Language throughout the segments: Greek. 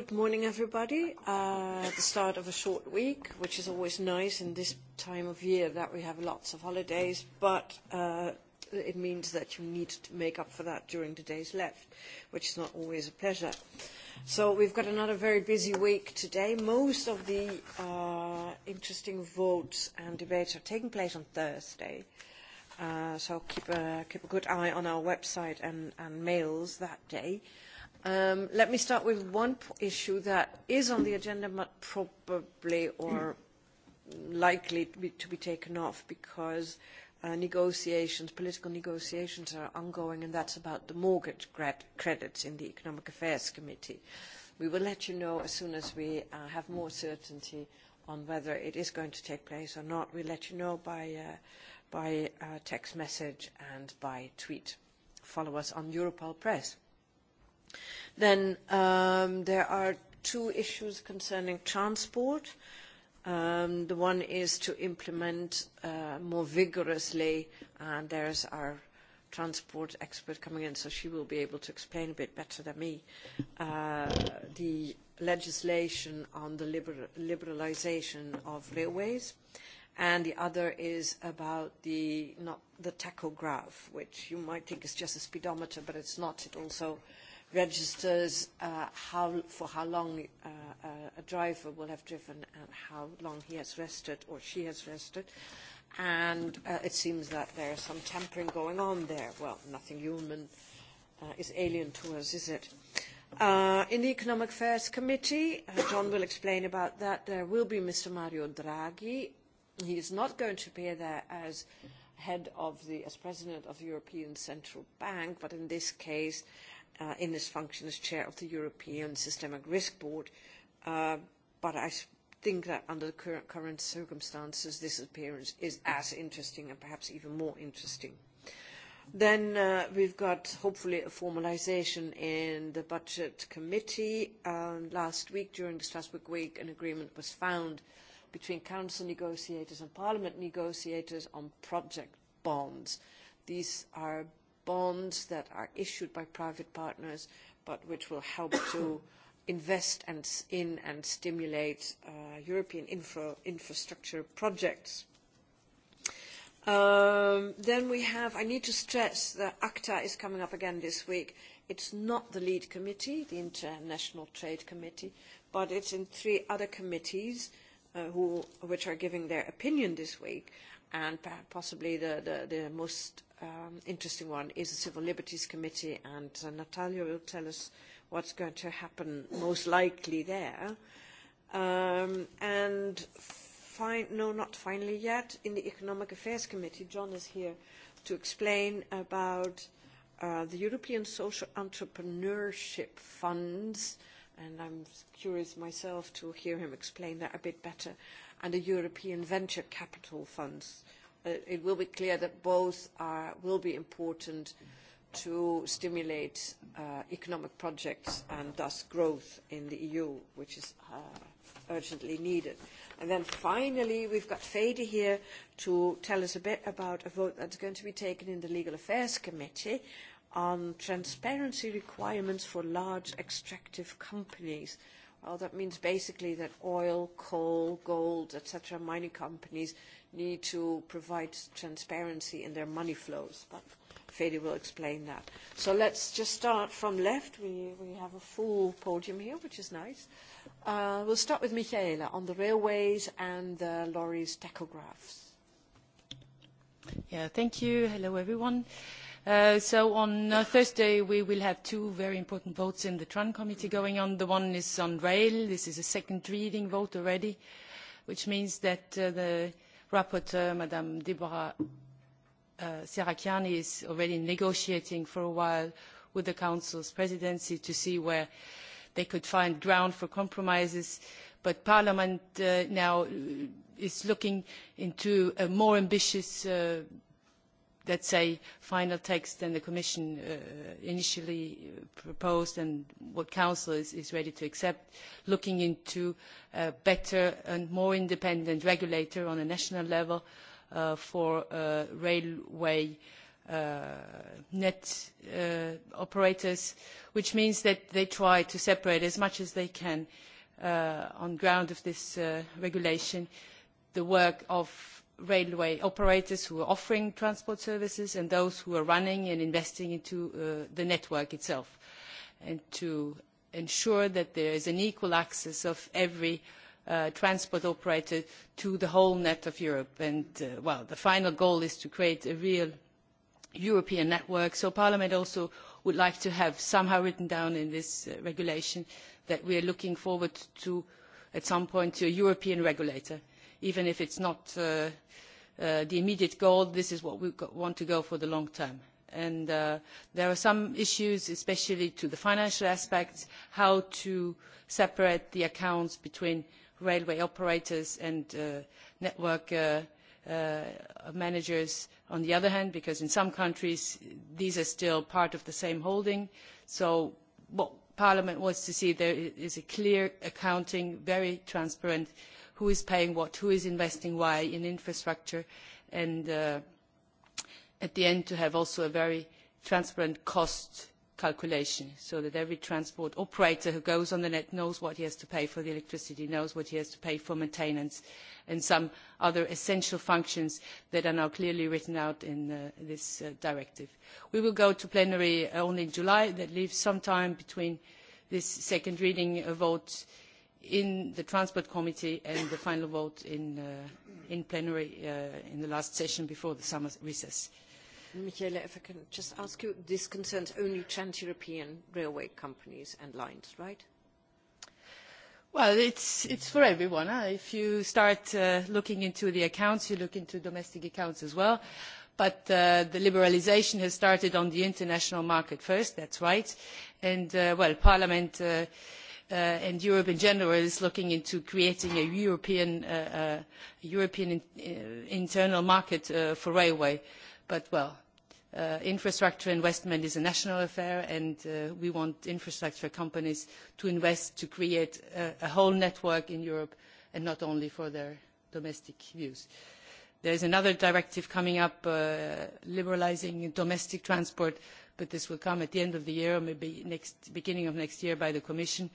Good morning, everybody. The start of a short week, which is always nice in this time of year that we have lots of holidays, but it means that you need to make up for that during the days left, which is not always a pleasure. So we've got another very busy week today. Most of the interesting votes and debates are taking place on Thursday. So keep a good eye on our website and mails that day. Let me start with one issue that is on the agenda but probably or likely to be taken off because negotiations, political negotiations are ongoing and that's about the mortgage credits in the Economic Affairs Committee. We will let you know as soon as we have more certainty on whether it is going to take place or not. We let you know by text message and by tweet. Follow us on Europol Press. Then there are two issues concerning transport. The one is to implement more vigorously, and there's our transport expert coming in, so she will be able to explain a bit better than me, the legislation on the liberalisation of railways. And the other is about the tachograph, which you might think is just a speedometer, but it's not. It also registers how, for how long a driver will have driven and how long he has rested or she has rested. And it seems that there is some tampering going on there. Well, nothing human is alien to us, is it? In the Economic Affairs Committee, John will explain about that, there will be Mr. Mario Draghi. He is not going to be there as head of the, as president of the European Central Bank, but in this case, in his function as chair of the European Systemic Risk Board, but I think that under the current circumstances this appearance is as interesting and perhaps even more interesting. Then we've got hopefully a formalisation in the Budget Committee. Last week during the Strasbourg Week an agreement was found between Council negotiators and Parliament negotiators on project bonds. These are bonds that are issued by private partners, but which will help to invest in and stimulate European infrastructure projects. Then we have, I need to stress that ACTA is coming up again this week. It's not the lead committee, the International Trade Committee, but it's in three other committees which are giving their opinion this week and possibly the most interesting one is the Civil Liberties Committee, and Natalia will tell us what's going to happen most likely there. And no, not finally yet, in the Economic Affairs Committee, John is here to explain about the European Social Entrepreneurship Funds, and I'm curious myself to hear him explain that a bit better and the European venture capital funds. It will be clear that both will be important to stimulate economic projects and thus growth in the EU, which is urgently needed. And then finally, we've got Fede here to tell us a bit about a vote that's going to be taken in the Legal Affairs Committee on transparency requirements for large extractive companies. Well, that means basically that oil, coal, gold, etc., mining companies need to provide transparency in their money flows. But Fede will explain that. So let's just start from left. We, we have a full podium here, which is nice. Uh, we'll start with Michaela on the railways and the lorries tachographs. Yeah, thank you. Hello, everyone. So on Thursday we will have two very important votes in the TRAN committee going on. The one is on rail. This is a second reading vote already, which means that the rapporteur, Madame Deborah Serracchiani, is already negotiating for a while with the Council's presidency to see where they could find ground for compromises. But Parliament now is looking into a more ambitious that's say, final text than the Commission initially proposed and what Council is ready to accept, looking into a better and more independent regulator on a national level for railway net operators, which means that they try to separate as much as they can on ground of this regulation the work of railway operators who are offering transport services and those who are running and investing into the network itself and to ensure that there is an equal access of every transport operator to the whole net of Europe. And, well, the final goal is to create a real European network. So Parliament also would like to have somehow written down in this regulation that we are looking forward to, at some point, to a European regulator even if it's not the immediate goal, this is what we want to go for the long term. And there are some issues, especially to the financial aspects, how to separate the accounts between railway operators and network managers on the other hand, because in some countries these are still part of the same holding. So what Parliament wants to see there is a clear accounting, very transparent who is paying what, who is investing why in infrastructure, and at the end to have also a very transparent cost calculation so that every transport operator who goes on the net knows what he has to pay for the electricity, knows what he has to pay for maintenance and some other essential functions that are now clearly written out in this directive. We will go to plenary only in July. That leaves some time between this second reading vote in the Transport Committee and the final vote in plenary in the last session before the summer recess. Michele, if I can just ask you, this concerns only trans-European railway companies and lines, right? Well, it's for everyone. If you start looking into the accounts, you look into domestic accounts as well. But the liberalisation has started on the international market first, that's right. And, well, Parliament and Europe in general is looking into creating a European internal market for railway. But, well, infrastructure investment is a national affair, and we want infrastructure companies to invest to create a whole network in Europe and not only for their domestic use. There is another directive coming up liberalising domestic transport but this will come at the end of the year or maybe beginning of next year by the Commission.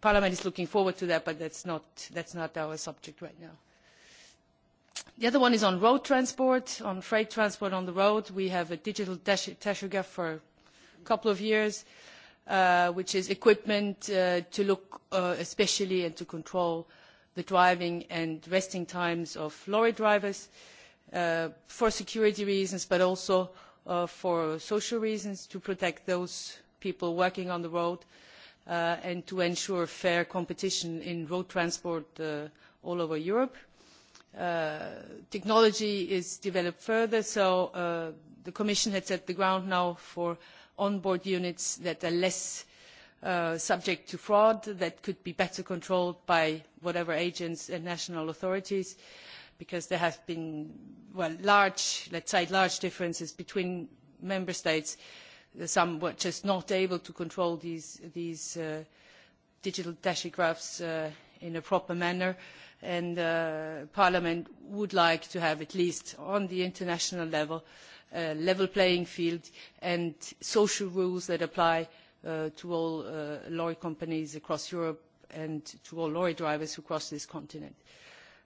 Parliament is looking forward to that, but that's not our subject right now. The other one is on road transport, on freight transport on the road. We have a digital tachograph for a couple of years, which is equipment to look especially and to control the driving and resting times of lorry drivers for security reasons, but also for social reasons, to protect those people working on the road and to ensure fair competition in road transport all over Europe. Technology is developed further, so the Commission has set the ground now for onboard units that are less subject to fraud, that could be better controlled by whatever agents and national authorities because there have been well large let's say large differences between member states some were just not able to control these these digital tachographs in a proper manner and parliament would like to have at least on the international level a level playing field and social rules that apply to all lorry companies across europe and to all lorry drivers who cross this continent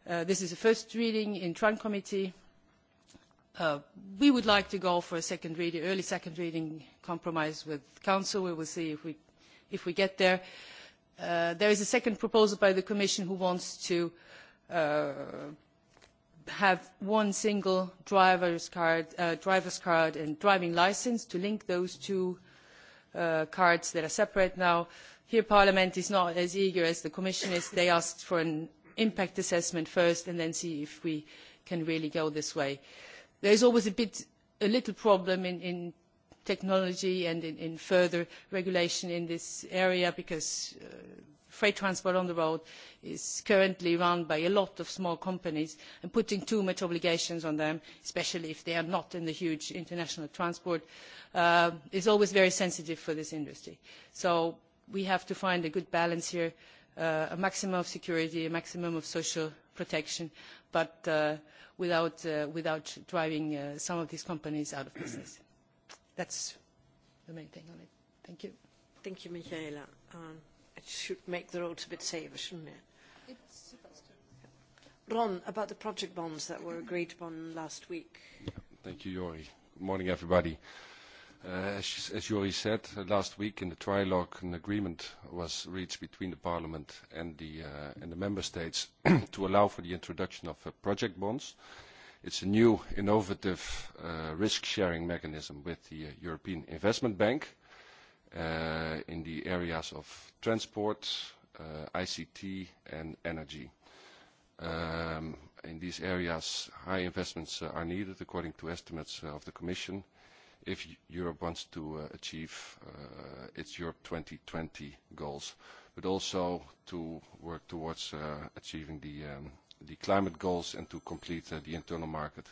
This is the first reading in TRAN committee. We would like to go for a second reading, early second reading compromise with Council. We will see if we get there. There is a second proposal by the Commission who wants to have one single driver's card and driving licence to link those two cards that are separate now. Here Parliament is not as eager as the Commission is. They asked for an impact assessment first and then see if we can really go this way. There is always a bit, a little problem in technology and in further regulation in this area because freight transport on the road is currently run by a lot of small companies and putting too much obligations on them, especially if they are not in the huge international transport, is always very sensitive for this industry. So we have to find a good balance here a maximum of security, a maximum of social protection, but without driving some of these companies out of business. That's the main thing on it. Thank you. Thank you, Michaela. It should make the roads a bit safer, shouldn't it? It's Ron, about the project bonds that were agreed upon last week. Thank you, Yori. Good morning, everybody. As you said last week in the trilogue, an agreement was reached between the Parliament and the Member States to allow for the introduction of project bonds. It's a new innovative risk-sharing mechanism with the European Investment Bank in the areas of transport, ICT and energy. In these areas, high investments are needed according to estimates of the Commission if Europe wants to achieve its Europe 2020 goals, but also to work towards achieving the climate goals and to complete the internal market.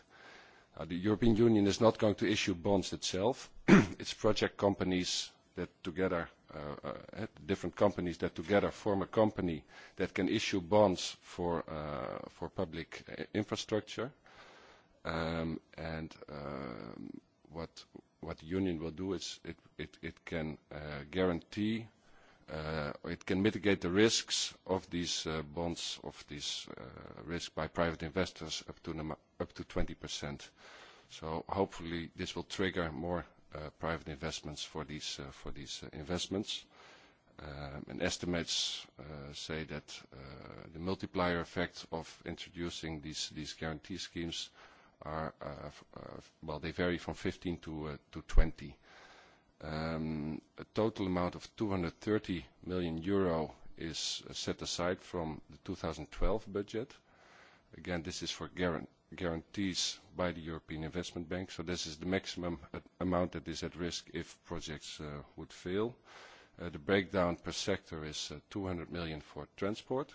The European Union is not going to issue bonds itself. It's project companies that together, different companies that together form a company that can issue bonds for public infrastructure. And what what the union will do is it it can guarantee it can mitigate the risks of these bonds of these risk by private investors up to up to 20%. So hopefully this will trigger more private investments for these for these investments. And estimates say that the multiplier effect of introducing these these guarantee schemes are, well, they vary from 15 to 20. A total amount of 230 million euro is set aside from the 2012 budget. Again, this is for guarantees by the European Investment Bank, so this is the maximum amount that is at risk if projects would fail. The breakdown per sector is 200 million for transport,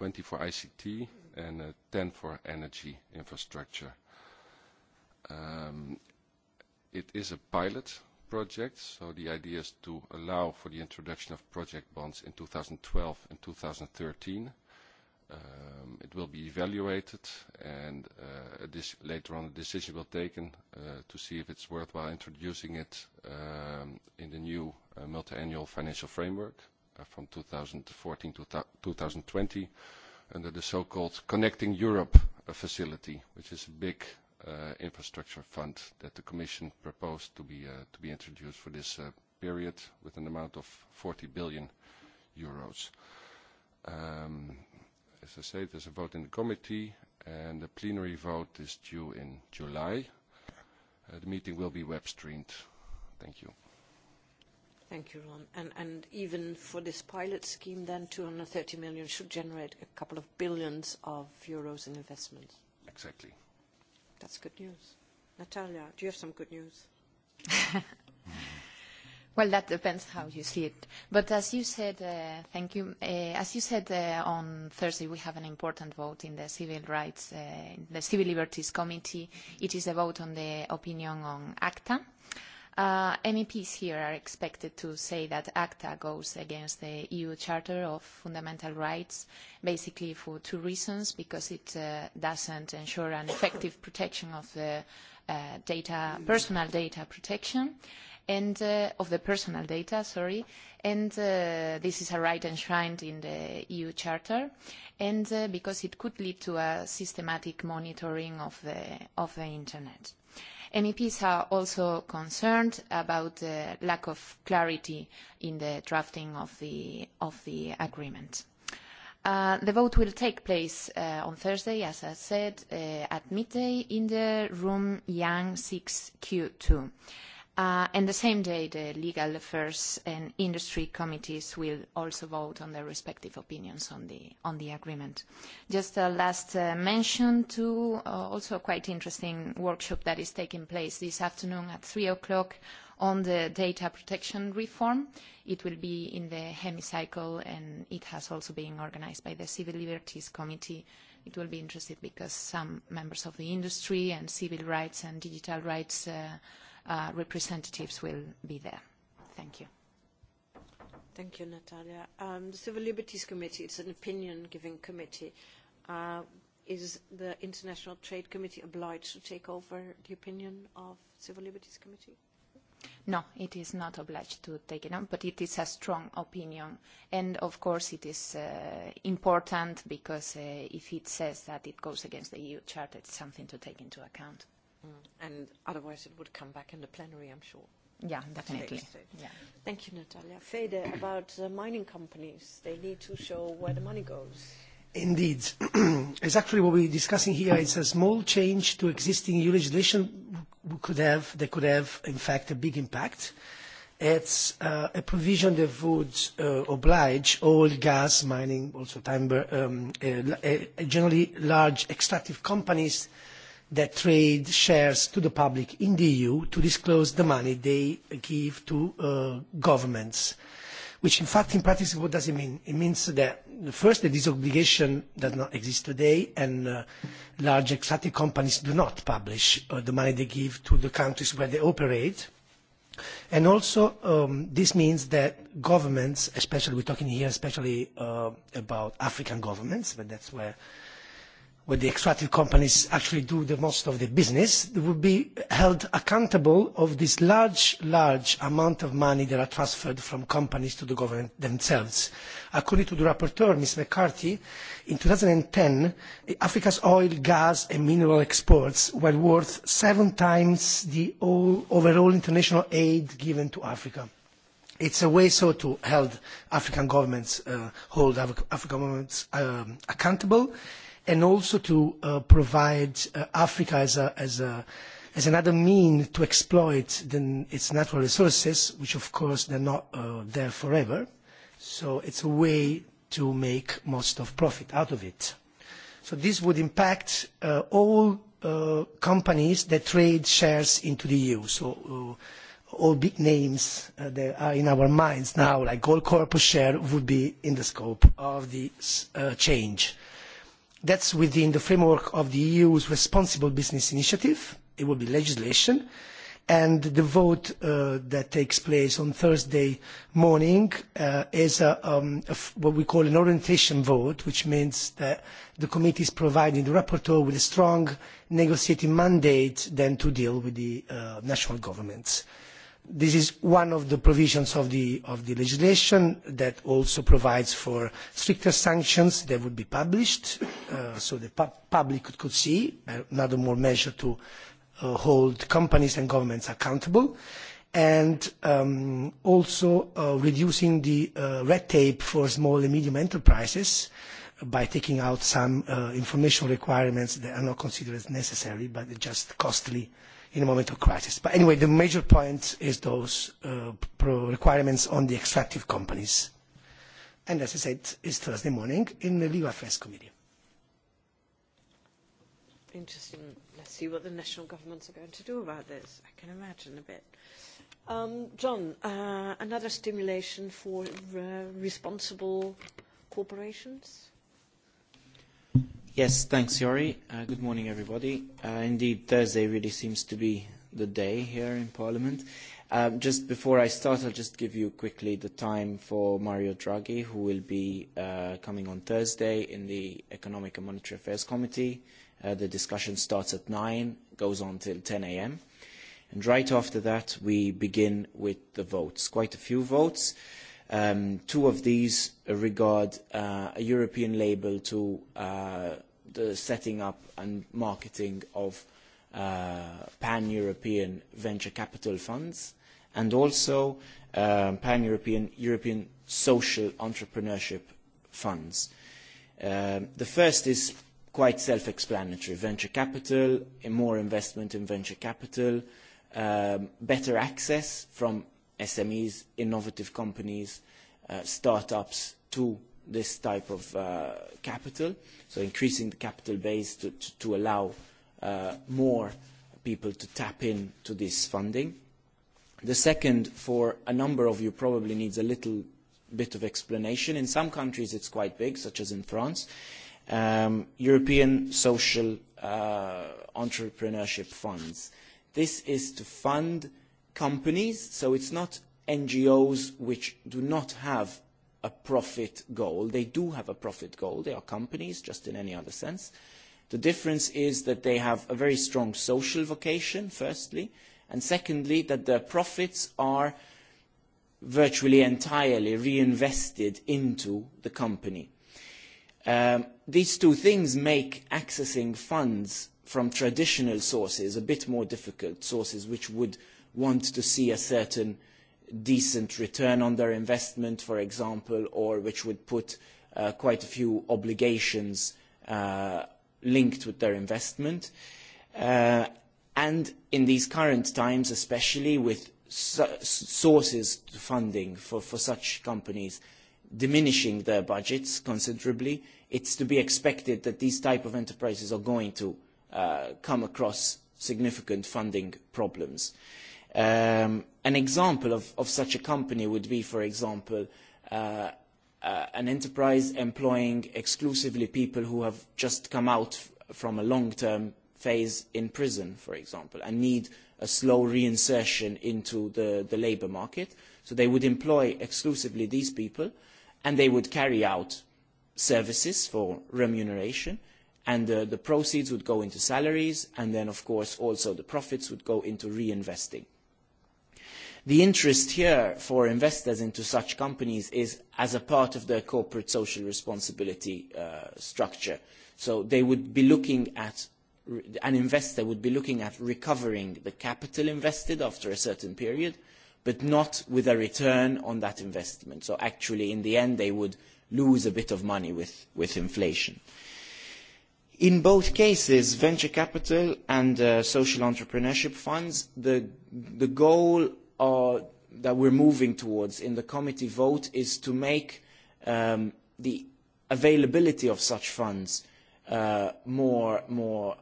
20 for ICT, and 10 for energy infrastructure. It is a pilot project, so the idea is to allow for the introduction of project bonds in 2012 and 2013. It will be evaluated, and later on a decision will be taken to see if it's worthwhile introducing it in the new multi-annual financial framework from 2014 to 2020 under the so-called Connecting Europe facility, which is a big infrastructure fund that the Commission proposed to be introduced for this period with an amount of 40 billion euros. As I say, there's a vote in the committee, and the plenary vote is due in July. The meeting will be web-streamed. Thank you. Thank you, Ron. And even for this pilot scheme, then 230 million should generate a couple of billions of euros in investment. Exactly. That's good news. Natalia, do you have some good news? Well, that depends how you see it. But as you said, thank you. As you said on Thursday, we have an important vote in the Civil Rights, the Civil Liberties Committee. It is a vote on the opinion on ACTA MEPs here are expected to say that ACTA goes against the EU Charter of Fundamental Rights, basically for two reasons, because it doesn't ensure an effective protection of the personal data protection, and of the personal data, sorry, and this is a right enshrined in the EU Charter, and because it could lead to a systematic monitoring of the Internet. MEPs are also concerned about the lack of clarity in the drafting of the agreement. The vote will take place on Thursday, as I said, at midday in the room Yang 6Q2. And the same day, the Legal Affairs and Industry Committees will also vote on their respective opinions on the agreement. Just a last mention to also a quite interesting workshop that is taking place this afternoon at 3 o'clock on the data protection reform. It will be in the hemicycle and it has also been organized by the Civil Liberties Committee. It will be interesting because some members of the industry and civil rights and digital rights representatives will be there. Thank you. Thank you, Natalia. The Civil Liberties Committee, it's an opinion-giving committee. Is the International Trade Committee obliged to take over the opinion of the Civil Liberties Committee? No, it is not obliged to take it on, but it is a strong opinion. And, of course, it is important because if it says that it goes against the EU Charter, it's something to take into account. And otherwise it would come back in the plenary, I'm sure. Yeah, definitely. Thank you, Natalia. Fede, about the mining companies, they need to show where the money goes. Indeed. It's actually what we're discussing here. It's a small change to existing EU legislation could have, that could have, in fact, a big impact. It's a provision that would oblige oil, gas, mining, also timber, generally large extractive companies that trade shares to the public in the EU to disclose the money they give to governments. Which in fact in practice what does it mean? It means that first that this obligation does not exist today and large exotic companies do not publish the money they give to the countries where they operate. And also this means that governments, especially we're talking here especially about African governments, but that's where where the extractive companies actually do the most of the business, they would be held accountable of this large, large amount of money that are transferred from companies to the government themselves. According to the rapporteur, Ms. McCarthy, in 2010, Africa's oil, gas and mineral exports were worth seven times the overall international aid given to Africa. It's a way so to hold African governments accountable and also to provide Africa as another mean to exploit its natural resources, which of course they're not there forever. So it's a way to make most of profit out of it. So this would impact all companies that trade shares into the EU. So all big names that are in our minds now, like Gold Corpus share, would be in the scope of this change. That's within the framework of the EU's Responsible Business Initiative. It will be legislation. And the vote that takes place on Thursday morning is what we call an orientation vote, which means that the committee is providing the rapporteur with a strong negotiating mandate then to deal with the national governments. This is one of the provisions of the legislation that also provides for stricter sanctions that would be published, so the public could see another more measure to hold companies and governments accountable, and also reducing the red tape for small and medium enterprises by taking out some information requirements that are not considered necessary but just costly in a moment of crisis. But anyway, the major point is those requirements on the extractive companies. And as I said, it's Thursday morning in the Legal Affairs Committee. Interesting. Let's see what the national governments are going to do about this. I can imagine a bit. John, another stimulation for responsible corporations? Yes, thanks, Yori. Good morning, everybody. Indeed, Thursday really seems to be the day here in Parliament. Just before I start, I'll just give you quickly the time for Mario Draghi, who will be coming on Thursday in the Economic and Monetary Affairs Committee. The discussion starts at 9, goes on till 10 a.m. And right after that, we begin with the votes. Quite a few votes. Two of these regard a European label to the setting up and marketing of pan-European venture capital funds and also pan-European European social entrepreneurship funds. The first is quite self-explanatory. Venture capital, more investment in venture capital, better access from SMEs, innovative companies, start-ups to this type of capital, so increasing the capital base to allow more people to tap into this funding. The second, for a number of you, probably needs a little bit of explanation. In some countries it's quite big, such as in France. European Social Entrepreneurship Funds. This is to fund companies, so it's not NGOs which do not have a profit goal. They do have a profit goal. They are companies, just in any other sense. The difference is that they have a very strong social vocation, firstly, and secondly, that their profits are virtually entirely reinvested into the company. These two things make accessing funds from traditional sources a bit more difficult, sources which would want to see a certain decent return on their investment, for example, or which would put quite a few obligations linked with their investment. And in these current times, especially with sources to funding for such companies diminishing their budgets considerably, it's to be expected that these type of enterprises are going to come across significant funding problems. An example of such a company would be, for example, an enterprise employing exclusively people who have just come out from a long-term phase in prison, for example, and need a slow reinsertion into the labour market. So they would employ exclusively these people, and they would carry out services for remuneration, and the proceeds would go into salaries, and then, of course, also the profits would go into reinvesting. The interest here for investors into such companies is as a part of their corporate social responsibility structure. So they would be looking at, an investor would be looking at recovering the capital invested after a certain period, but not with a return on that investment. So actually, in the end, they would lose a bit of money with inflation. In both cases, venture capital and social entrepreneurship funds, the goal that we're moving towards in the committee vote is to make the availability of such funds more more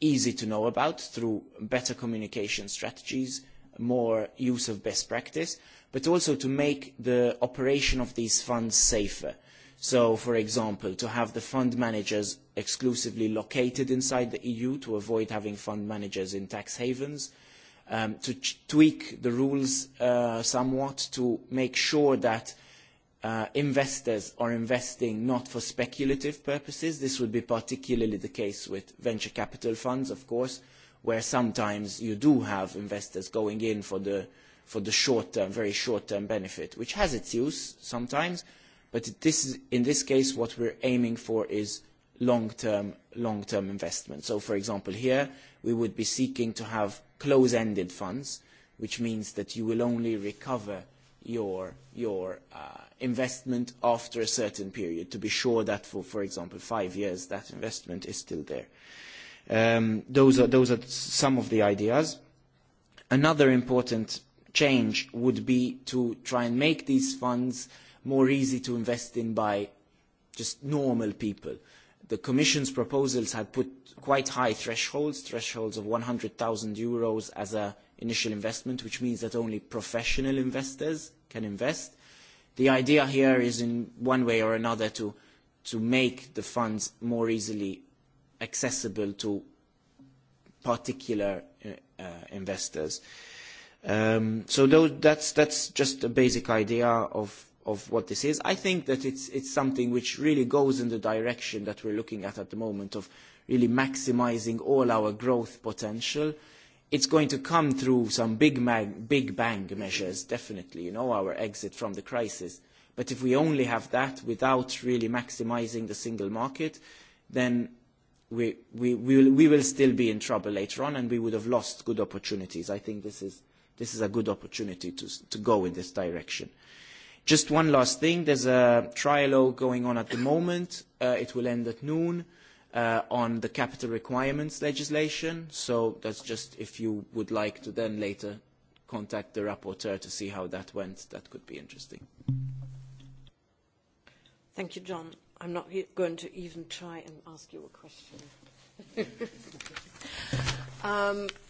easy to know about through better communication strategies, more use of best practice, but also to make the operation of these funds safer. So, for example, to have the fund managers exclusively located inside the EU to avoid having fund managers in tax havens, to tweak the rules somewhat to make sure that investors are investing not for speculative purposes. This would be particularly the case with venture capital funds, of course, where sometimes you do have investors going in for the short-term, very short-term benefit, which has its use sometimes, but in this case what we're aiming for is long-term investment. So, for example, here we would be seeking to have close-ended funds, which means that you will only recover your your investment after a certain period to be sure that for, for example, five years that investment is still there. Those are some of the ideas. Another important change would be to try and make these funds more easy to invest in by just normal people the Commission's proposals had put quite high thresholds, thresholds of 100,000 euros as an initial investment, which means that only professional investors can invest. The idea here is in one way or another to make the funds more easily accessible to particular investors. So that's just a basic idea of of what this is. I think that it's something which really goes in the direction that we're looking at at the moment of really maximizing all our growth potential. It's going to come through some big bang measures, definitely, you know, our exit from the crisis. But if we only have that without really maximizing the single market, then we will still be in trouble later on and we would have lost good opportunities. I think this is a good opportunity to go in this direction. Just one last thing. There's a trialogue going on at the moment. It will end at noon on the capital requirements legislation. So that's just if you would like to then later contact the rapporteur to see how that went. That could be interesting. Thank you, John. I'm not going to even try and ask you a question.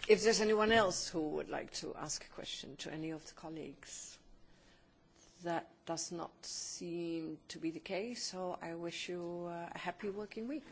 If there's anyone else who would like to ask a question to any of the colleagues. That does not seem to be the case, so I wish you a happy working week.